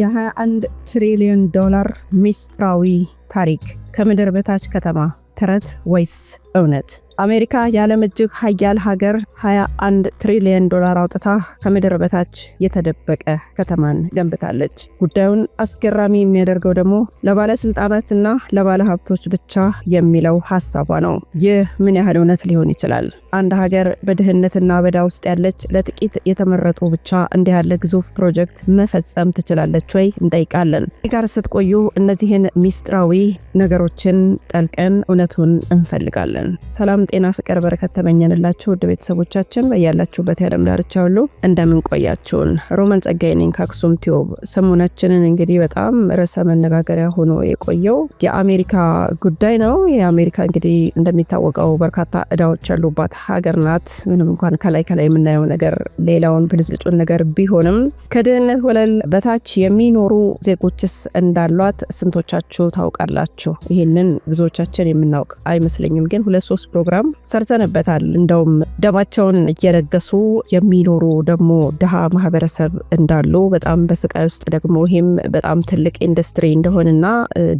የ21 ትሪሊዮን ዶላር ሚስጥራዊ ታሪክ ከምድር በታች ከተማ ተረት ወይስ እውነት? አሜሪካ የዓለም እጅግ ሀያል ሀገር 21 ትሪሊየን ዶላር አውጥታ ከምድር በታች የተደበቀ ከተማን ገንብታለች። ጉዳዩን አስገራሚ የሚያደርገው ደግሞ ለባለስልጣናትና ለባለሀብቶች ብቻ የሚለው ሀሳቧ ነው። ይህ ምን ያህል እውነት ሊሆን ይችላል? አንድ ሀገር በድህነትና በዳ ውስጥ ያለች ለጥቂት የተመረጡ ብቻ እንዲህ ያለ ግዙፍ ፕሮጀክት መፈጸም ትችላለች ወይ እንጠይቃለን። ጋር ስትቆዩ እነዚህን ሚስጥራዊ ነገሮችን ጠልቀን እውነቱን እንፈልጋለን። ሰላም፣ ጤና፣ ፍቅር፣ በረከት ተመኘንላችሁ ውድ ቤተሰቦች ተመልካቾቻችን በያላችሁበት የዓለም ዳርቻ ሁሉ ቆያችሁን? ሮማን ጸጋዬ ነኝ ከአክሱም ቲዩብ። ሰሞናችንን እንግዲህ በጣም ርዕሰ መነጋገሪያ ሆኖ የቆየው የአሜሪካ ጉዳይ ነው። የአሜሪካ እንግዲህ እንደሚታወቀው በርካታ እዳዎች ያሉባት ሀገር ናት። ምንም እንኳን ከላይ ከላይ የምናየው ነገር ሌላውን ብልጭልጩን ነገር ቢሆንም ከድህነት ወለል በታች የሚኖሩ ዜጎችስ እንዳሏት ስንቶቻችሁ ታውቃላችሁ? ይህንን ብዙዎቻችን የምናውቅ አይመስለኝም፣ ግን ሁለት ሶስት ፕሮግራም ሰርተንበታል። እንደውም ደማቸው እድሜያቸውን እየለገሱ የሚኖሩ ደግሞ ድሃ ማህበረሰብ እንዳሉ በጣም በስቃይ ውስጥ ደግሞ ይሄም በጣም ትልቅ ኢንዱስትሪ እንደሆነና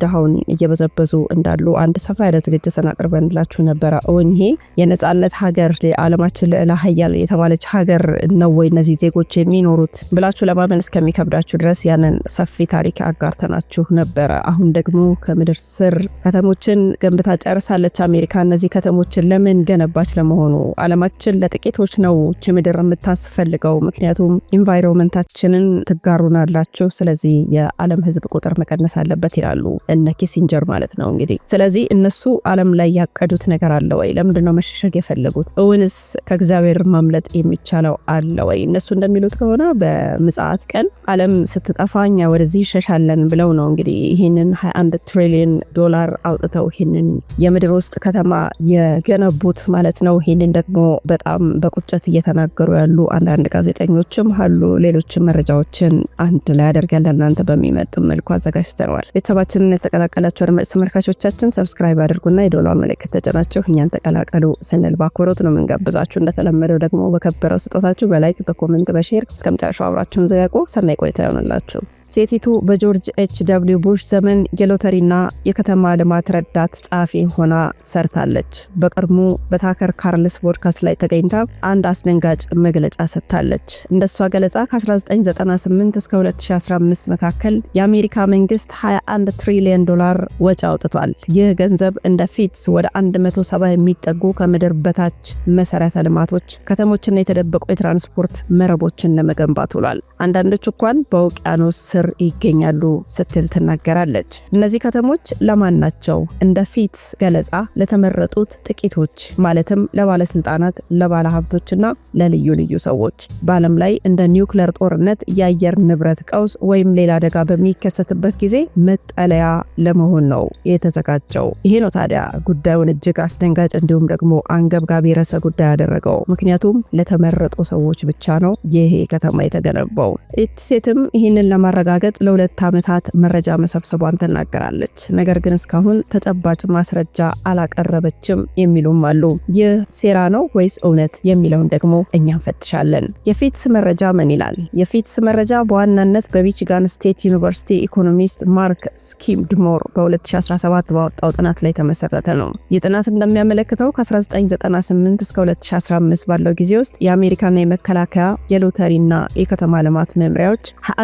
ድሃውን እየበዘበዙ እንዳሉ አንድ ሰፋ ያለ ዝግጅትን አቅርበንላችሁ ነበረ። እውን ይሄ የነጻነት ሀገር አለማችን ልዕለ ሀያል የተባለች ሀገር ነው ወይ እነዚህ ዜጎች የሚኖሩት ብላችሁ ለማመን እስከሚከብዳችሁ ድረስ ያንን ሰፊ ታሪክ አጋርተናችሁ ነበረ። አሁን ደግሞ ከምድር ስር ከተሞችን ገንብታ ጨርሳለች አሜሪካ። እነዚህ ከተሞችን ለምን ገነባች ለመሆኑ አለማችን ለጥቂቶች ነው እች ምድር የምታስፈልገው። ምክንያቱም ኢንቫይሮንመንታችንን ትጋሩናላችሁ፣ ስለዚህ የዓለም ህዝብ ቁጥር መቀነስ አለበት ይላሉ እነ ኪሲንጀር ማለት ነው። እንግዲህ ስለዚህ እነሱ ዓለም ላይ ያቀዱት ነገር አለ ወይ? ለምንድነው መሸሸግ የፈለጉት? እውንስ ከእግዚአብሔር ማምለጥ የሚቻለው አለ ወይ? እነሱ እንደሚሉት ከሆነ በምጽአት ቀን ዓለም ስትጠፋ እኛ ወደዚህ ይሸሻለን ብለው ነው እንግዲህ ይህንን 21 ትሪሊዮን ዶላር አውጥተው ይህንን የምድር ውስጥ ከተማ የገነቡት ማለት ነው። ይህንን ደግሞ በጣም በጣም በቁጭት እየተናገሩ ያሉ አንዳንድ ጋዜጠኞችም አሉ። ሌሎችም መረጃዎችን አንድ ላይ አደርጋል ለእናንተ በሚመጥን መልኩ አዘጋጅተነዋል። ቤተሰባችንን የተቀላቀላቸው አድማጭ ተመልካቾቻችን ሰብስክራይብ አድርጉና የዶላር ምልክት ተጭናችሁ እኛን ተቀላቀሉ ስንል በአክብሮት ነው የምንጋብዛችሁ። እንደተለመደው ደግሞ በከበረው ስጦታችሁ በላይክ በኮመንት በሼር እስከ መጨረሻው አብራችሁን ዘጋቁ። ሰናይ ቆይታ ይሆንላችሁ። ሴቲቱ በጆርጅ ኤች ደብሊው ቡሽ ዘመን የሎተሪና የከተማ ልማት ረዳት ጸሐፊ ሆና ሰርታለች። በቀድሞ በታከር ካርልስ ፖድካስት ላይ ተገኝታ አንድ አስደንጋጭ መግለጫ ሰጥታለች። እንደሷ ገለጻ ከ1998 እስከ 2015 መካከል የአሜሪካ መንግስት 21 ትሪሊዮን ዶላር ወጪ አውጥቷል። ይህ ገንዘብ እንደ ፊትስ ወደ 170 የሚጠጉ ከምድር በታች መሰረተ ልማቶች፣ ከተሞችና የተደበቁ የትራንስፖርት መረቦችን ለመገንባት ውሏል። አንዳንዶች እንኳን በውቅያኖስ ስር ይገኛሉ ስትል ትናገራለች። እነዚህ ከተሞች ለማን ናቸው? እንደ ፊት ገለጻ ለተመረጡት ጥቂቶች ማለትም ለባለስልጣናት፣ ለባለሀብቶችና ለልዩ ልዩ ሰዎች በዓለም ላይ እንደ ኒውክለር ጦርነት፣ የአየር ንብረት ቀውስ ወይም ሌላ አደጋ በሚከሰትበት ጊዜ መጠለያ ለመሆን ነው የተዘጋጀው። ይሄ ነው ታዲያ ጉዳዩን እጅግ አስደንጋጭ እንዲሁም ደግሞ አንገብጋቢ ርዕሰ ጉዳይ ያደረገው። ምክንያቱም ለተመረጡ ሰዎች ብቻ ነው ይሄ ከተማ የተገነባው። ይች ሴትም ይህንን ለማራ ለማረጋገጥ ለሁለት ዓመታት መረጃ መሰብሰቧን ትናገራለች። ነገር ግን እስካሁን ተጨባጭ ማስረጃ አላቀረበችም የሚሉም አሉ። ይህ ሴራ ነው ወይስ እውነት የሚለውን ደግሞ እኛ እንፈትሻለን። የፊትስ መረጃ ምን ይላል? የፊትስ መረጃ በዋናነት በሚችጋን ስቴት ዩኒቨርሲቲ ኢኮኖሚስት ማርክ ስኪምድሞር በ2017 ባወጣው ጥናት ላይ የተመሰረተ ነው። ይህ ጥናት እንደሚያመለክተው ከ1998 እስከ 2015 ባለው ጊዜ ውስጥ የአሜሪካና የመከላከያ የሎተሪና የከተማ ልማት መምሪያዎች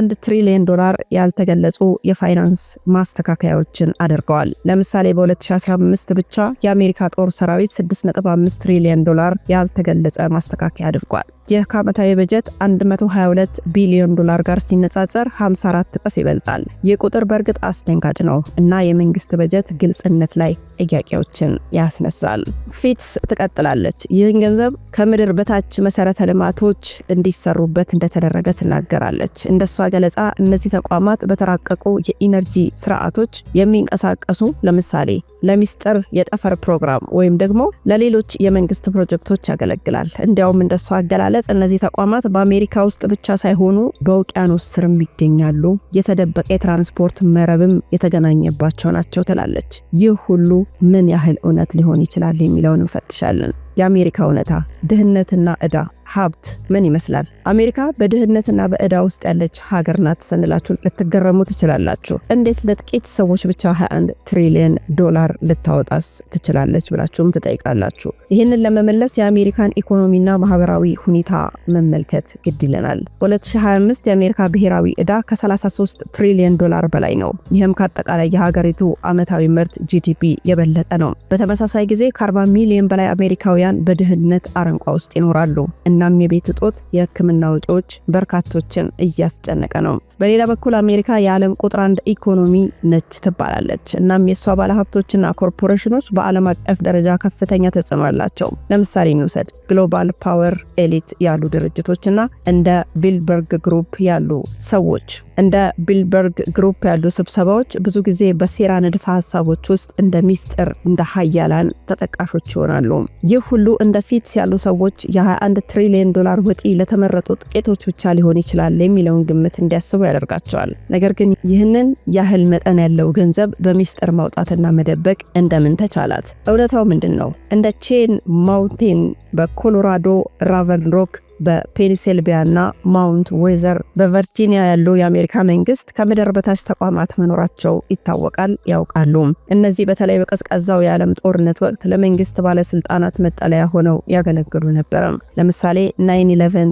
1 ትሪሊዮን ዶላር ያልተገለጹ የፋይናንስ ማስተካከያዎችን አድርገዋል። ለምሳሌ በ2015 ብቻ የአሜሪካ ጦር ሰራዊት 6.5 ትሪሊዮን ዶላር ያልተገለጸ ማስተካከያ አድርጓል። የካመታዊ በጀት 122 ቢሊዮን ዶላር ጋር ሲነጻጸር 54 እጥፍ ይበልጣል። ይህ ቁጥር በእርግጥ አስደንጋጭ ነው እና የመንግስት በጀት ግልጽነት ላይ ጥያቄዎችን ያስነሳል። ፊትስ ትቀጥላለች። ይህን ገንዘብ ከምድር በታች መሰረተ ልማቶች እንዲሰሩበት እንደተደረገ ትናገራለች። እንደሷ ገለጻ እነዚህ ተቋማት በተራቀቁ የኢነርጂ ስርዓቶች የሚንቀሳቀሱ ለምሳሌ ለሚስጥር የጠፈር ፕሮግራም ወይም ደግሞ ለሌሎች የመንግስት ፕሮጀክቶች ያገለግላል። እንዲያውም እንደሷ አገላለ በመግለጽ እነዚህ ተቋማት በአሜሪካ ውስጥ ብቻ ሳይሆኑ በውቅያኖስ ስርም ይገኛሉ፣ የተደበቀ የትራንስፖርት መረብም የተገናኘባቸው ናቸው ትላለች። ይህ ሁሉ ምን ያህል እውነት ሊሆን ይችላል የሚለውን እንፈትሻለን። የአሜሪካ እውነታ ድህነትና እዳ ሀብት ምን ይመስላል? አሜሪካ በድህነትና በእዳ ውስጥ ያለች ሀገር ናት ስንላችሁ ልትገረሙ ትችላላችሁ። እንዴት ለጥቂት ሰዎች ብቻ 21 ትሪሊየን ዶላር ልታወጣስ ትችላለች ብላችሁም ትጠይቃላችሁ። ይህንን ለመመለስ የአሜሪካን ኢኮኖሚና ማህበራዊ ሁኔታ መመልከት ግድ ይለናል። በ2025 የአሜሪካ ብሔራዊ ዕዳ ከ33 ትሪሊየን ዶላር በላይ ነው። ይህም ከአጠቃላይ የሀገሪቱ ዓመታዊ ምርት ጂዲፒ የበለጠ ነው። በተመሳሳይ ጊዜ ከ40 ሚሊዮን በላይ አሜሪካውያን ኢትዮጵያውያን በድህነት አረንቋ ውስጥ ይኖራሉ። እናም የቤት እጦት፣ የህክምና ወጪዎች በርካቶችን እያስጨነቀ ነው። በሌላ በኩል አሜሪካ የዓለም ቁጥር አንድ ኢኮኖሚ ነች ትባላለች። እናም የእሷ ባለሀብቶችና ኮርፖሬሽኖች በዓለም አቀፍ ደረጃ ከፍተኛ ተጽዕኖ አላቸው። ለምሳሌ እንውሰድ ግሎባል ፓወር ኤሊት ያሉ ድርጅቶችና እንደ ቢልበርግ ግሩፕ ያሉ ሰዎች እንደ ቢልበርግ ግሩፕ ያሉ ስብሰባዎች ብዙ ጊዜ በሴራ ንድፈ ሀሳቦች ውስጥ እንደ ሚስጥር እንደ ሀያላን ተጠቃሾች ይሆናሉ። ይህ ሁሉ ፊትስ ያሉ ሰዎች የ21 ትሪሊዮን ዶላር ወጪ ለተመረጡ ጥቂቶች ብቻ ሊሆን ይችላል የሚለውን ግምት እንዲያስቡ ያደርጋቸዋል። ነገር ግን ይህንን ያህል መጠን ያለው ገንዘብ በሚስጥር ማውጣትና መደበቅ እንደምን ተቻላት? እውነታው ምንድን ነው? እንደ ቼን ማውንቴን በኮሎራዶ ራቨን ሮክ በፔንሲልቪያና ማውንት ዌዘር በቨርጂኒያ ያሉ የአሜሪካ መንግስት ከምድር በታች ተቋማት መኖራቸው ይታወቃል ያውቃሉ። እነዚህ በተለይ በቀዝቃዛው የዓለም ጦርነት ወቅት ለመንግስት ባለስልጣናት መጠለያ ሆነው ያገለግሉ ነበር። ለምሳሌ ናይን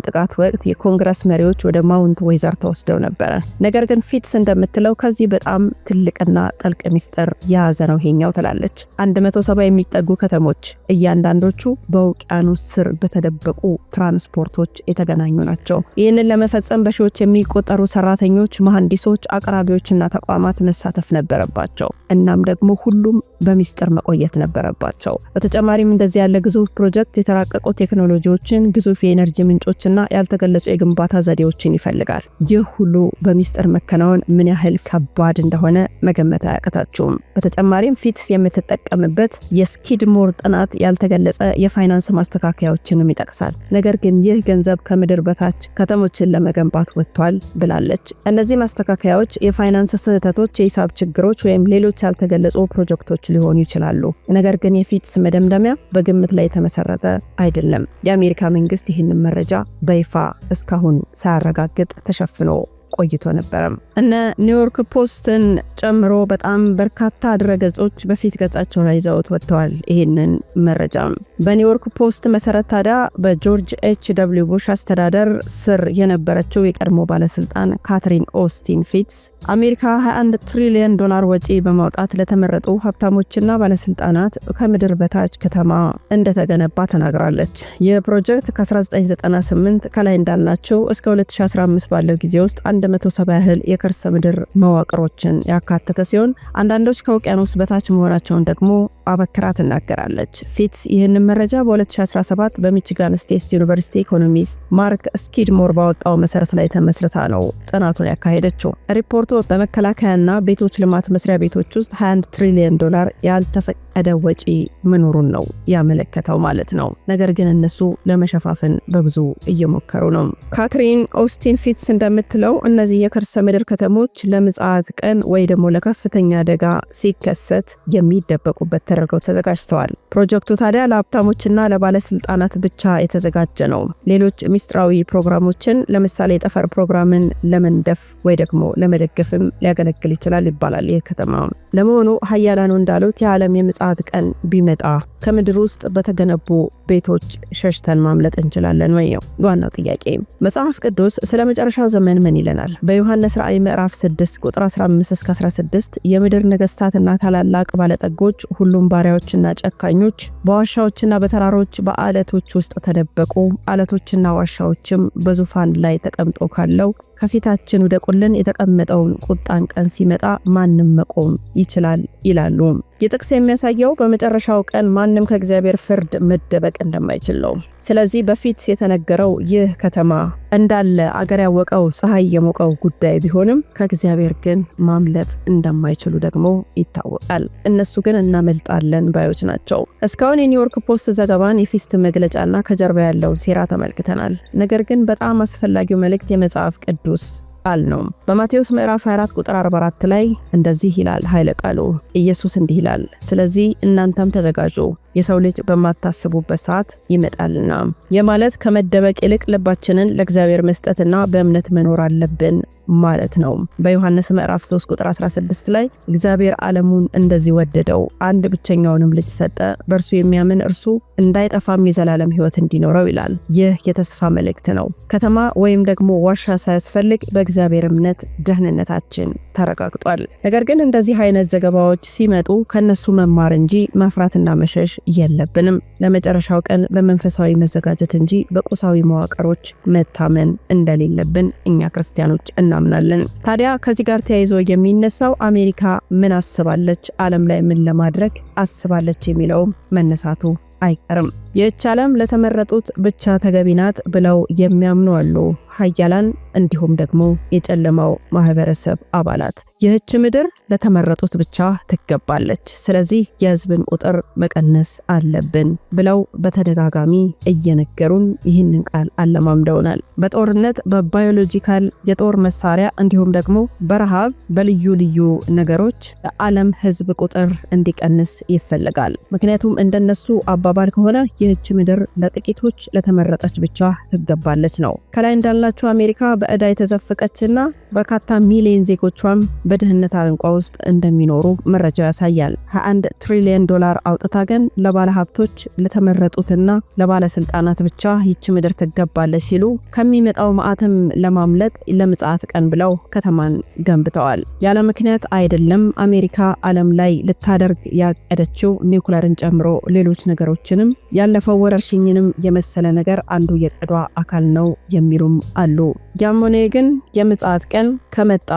ጥቃት ወቅት የኮንግረስ መሪዎች ወደ ማውንት ዌዘር ተወስደው ነበረ። ነገር ግን ፊትስ እንደምትለው ከዚህ በጣም ትልቅና ጥልቅ ሚስጥር የያዘ ነው ይሄኛው ትላለች። 170 የሚጠጉ ከተሞች እያንዳንዶቹ በውቅያኖስ ስር በተደበቁ ትራንስፖርት ፕሮጀክቶች የተገናኙ ናቸው። ይህንን ለመፈጸም በሺዎች የሚቆጠሩ ሰራተኞች፣ መሐንዲሶች፣ አቅራቢዎችና ተቋማት መሳተፍ ነበረባቸው። እናም ደግሞ ሁሉም በሚስጥር መቆየት ነበረባቸው። በተጨማሪም እንደዚህ ያለ ግዙፍ ፕሮጀክት የተራቀቁ ቴክኖሎጂዎችን፣ ግዙፍ የኤነርጂ ምንጮችና ያልተገለጹ የግንባታ ዘዴዎችን ይፈልጋል። ይህ ሁሉ በሚስጥር መከናወን ምን ያህል ከባድ እንደሆነ መገመት አያቅታችሁም። በተጨማሪም ፊትስ የምትጠቀምበት የስኪድሞር ጥናት ያልተገለጸ የፋይናንስ ማስተካከያዎችንም ይጠቅሳል። ነገር ግን ይህ ገንዘብ ከምድር በታች ከተሞችን ለመገንባት ወጥቷል ብላለች። እነዚህ ማስተካከያዎች የፋይናንስ ስህተቶች፣ የሂሳብ ችግሮች ወይም ሌሎች ያልተገለጹ ፕሮጀክቶች ሊሆኑ ይችላሉ። ነገር ግን የፊትስ መደምደሚያ በግምት ላይ የተመሰረተ አይደለም። የአሜሪካ መንግስት ይህንን መረጃ በይፋ እስካሁን ሳያረጋግጥ ተሸፍኖ ቆይቶ ነበረም እነ ኒውዮርክ ፖስትን ጨምሮ በጣም በርካታ ድረገጾች በፊት ገጻቸው ላይ ይዘውት ወጥተዋል ይህንን መረጃ። በኒውዮርክ ፖስት መሰረት ታዲያ በጆርጅ ኤች ደብሊው ቡሽ አስተዳደር ስር የነበረችው የቀድሞ ባለስልጣን ካትሪን ኦስቲን ፊትስ አሜሪካ 21 ትሪሊዮን ዶላር ወጪ በማውጣት ለተመረጡ ሀብታሞችና ባለስልጣናት ከምድር በታች ከተማ እንደተገነባ ተናግራለች። ይህ ፕሮጀክት ከ1998 ከላይ እንዳልናቸው እስከ 2015 ባለው ጊዜ ውስጥ 170 ያህል የከርሰ ምድር መዋቅሮችን ያካተተ ሲሆን አንዳንዶች ከውቅያኖስ በታች መሆናቸውን ደግሞ አበክራ ትናገራለች። ፊትስ ይህንን መረጃ በ2017 በሚችጋን ስቴት ዩኒቨርሲቲ ኢኮኖሚስት ማርክ ስኪድሞር ባወጣው መሰረት ላይ ተመስርታ ነው ጥናቱን ያካሄደችው። ሪፖርቱ በመከላከያና ቤቶች ልማት መስሪያ ቤቶች ውስጥ 21 ትሪሊዮን ዶላር ያልተፈቀደ ወጪ መኖሩን ነው ያመለከተው ማለት ነው። ነገር ግን እነሱ ለመሸፋፍን በብዙ እየሞከሩ ነው። ካትሪን ኦስቲን ፊትስ እንደምትለው እነዚህ የከርሰ ምድር ከተሞች ለምጽአት ቀን ወይ ደግሞ ለከፍተኛ አደጋ ሲከሰት የሚደበቁበት ተደርገው ተዘጋጅተዋል። ፕሮጀክቱ ታዲያ ለሀብታሞችና ለባለስልጣናት ብቻ የተዘጋጀ ነው። ሌሎች ሚስጥራዊ ፕሮግራሞችን ለምሳሌ የጠፈር ፕሮግራምን ለመንደፍ ወይ ደግሞ ለመደገፍም ሊያገለግል ይችላል ይባላል። ይህ ከተማውን ለመሆኑ ሀያላኑ እንዳሉት የዓለም የምጽአት ቀን ቢመጣ ከምድር ውስጥ በተገነቡ ቤቶች ሸሽተን ማምለጥ እንችላለን ወይ ነው ዋናው ጥያቄ። መጽሐፍ ቅዱስ ስለ መጨረሻው ዘመን ምን ይለናል? በዮሐንስ ራእይ ምዕራፍ 6 ቁጥር 15-16 የምድር ነገስታትና ታላላቅ ባለጠጎች፣ ሁሉም ባሪያዎችና ጨካኞች በዋሻዎችና በተራሮች በአለቶች ውስጥ ተደበቁ፣ አለቶችና ዋሻዎችም በዙፋን ላይ ተቀምጦ ካለው ከፊታችን ውደቁልን የተቀመጠውን ቁጣን ቀን ሲመጣ ማንም መቆም ይችላል ይላሉ። ይህ ጥቅስ የሚያሳየው በመጨረሻው ቀን ማንም ከእግዚአብሔር ፍርድ መደበቅ እንደማይችል ነው። ስለዚህ በፊት የተነገረው ይህ ከተማ እንዳለ አገር ያወቀው ፀሐይ የሞቀው ጉዳይ ቢሆንም ከእግዚአብሔር ግን ማምለጥ እንደማይችሉ ደግሞ ይታወቃል። እነሱ ግን እናመልጣለን ባዮች ናቸው። እስካሁን የኒውዮርክ ፖስት ዘገባን፣ የፊስት መግለጫና ከጀርባ ያለውን ሴራ ተመልክተናል። ነገር ግን በጣም አስፈላጊው መልእክት የመጽሐፍ ቅዱስ ቃል ነው። በማቴዎስ ምዕራፍ 24 ቁጥር 44 ላይ እንደዚህ ይላል ኃይለ ቃሉ ኢየሱስ እንዲህ ይላል፣ ስለዚህ እናንተም ተዘጋጁ የሰው ልጅ በማታስቡበት ሰዓት ይመጣልና። ይህ ማለት ከመደበቅ ይልቅ ልባችንን ለእግዚአብሔር መስጠትና በእምነት መኖር አለብን ማለት ነው። በዮሐንስ ምዕራፍ 3 ቁጥር 16 ላይ እግዚአብሔር ዓለሙን እንደዚህ ወደደው አንድ ብቸኛውንም ልጅ ሰጠ፣ በእርሱ የሚያምን እርሱ እንዳይጠፋም የዘላለም ሕይወት እንዲኖረው ይላል። ይህ የተስፋ መልእክት ነው። ከተማ ወይም ደግሞ ዋሻ ሳያስፈልግ በእግዚአብሔር እምነት ደህንነታችን ተረጋግጧል። ነገር ግን እንደዚህ አይነት ዘገባዎች ሲመጡ ከነሱ መማር እንጂ መፍራትና መሸሽ የለብንም። ለመጨረሻው ቀን በመንፈሳዊ መዘጋጀት እንጂ በቁሳዊ መዋቅሮች መታመን እንደሌለብን እኛ ክርስቲያኖች እናምናለን። ታዲያ ከዚህ ጋር ተያይዞ የሚነሳው አሜሪካ ምን አስባለች፣ ዓለም ላይ ምን ለማድረግ አስባለች የሚለውም መነሳቱ አይቀርም። ይህች ዓለም ለተመረጡት ብቻ ተገቢ ናት ብለው የሚያምኑ አሉ ሀያላን እንዲሁም ደግሞ የጨለማው ማህበረሰብ አባላት። ይህች ምድር ለተመረጡት ብቻ ትገባለች፣ ስለዚህ የህዝብን ቁጥር መቀነስ አለብን ብለው በተደጋጋሚ እየነገሩን ይህንን ቃል አለማምደውናል። በጦርነት በባዮሎጂካል የጦር መሳሪያ እንዲሁም ደግሞ በረሃብ በልዩ ልዩ ነገሮች ለዓለም ህዝብ ቁጥር እንዲቀንስ ይፈልጋል። ምክንያቱም እንደነሱ አባባል ከሆነ ይህች ምድር ለጥቂቶች ለተመረጠች ብቻ ትገባለች ነው። ከላይ እንዳልናቸው አሜሪካ የተዘፈቀች የተዘፈቀችና በርካታ ሚሊዮን ዜጎቿም በድህነት አረንቋ ውስጥ እንደሚኖሩ መረጃው ያሳያል። 21 ትሪሊዮን ዶላር አውጥታ ግን ለባለ ሀብቶች ለተመረጡትና ለባለስልጣናት ብቻ ይች ምድር ትገባለች ሲሉ ከሚመጣው መዓትም ለማምለጥ ለምጽአት ቀን ብለው ከተማን ገንብተዋል። ያለ ምክንያት አይደለም አሜሪካ ዓለም ላይ ልታደርግ ያቀደችው ኒውክለርን ጨምሮ ሌሎች ነገሮችንም ያለ ያለፈው ወረርሽኝንም የመሰለ ነገር አንዱ የቀዷ አካል ነው የሚሉም አሉ። ያም ሆነ ግን የምጽአት ቀን ከመጣ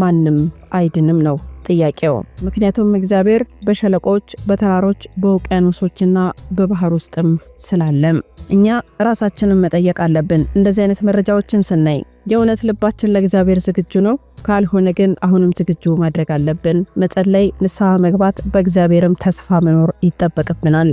ማንም አይድንም ነው ጥያቄው። ምክንያቱም እግዚአብሔር በሸለቆች፣ በተራሮች፣ በውቅያኖሶችና በባህር ውስጥም ስላለም እኛ ራሳችንን መጠየቅ አለብን። እንደዚህ አይነት መረጃዎችን ስናይ የእውነት ልባችን ለእግዚአብሔር ዝግጁ ነው? ካልሆነ ግን አሁንም ዝግጁ ማድረግ አለብን። መጸለይ፣ ንስሐ መግባት፣ በእግዚአብሔርም ተስፋ መኖር ይጠበቅብናል።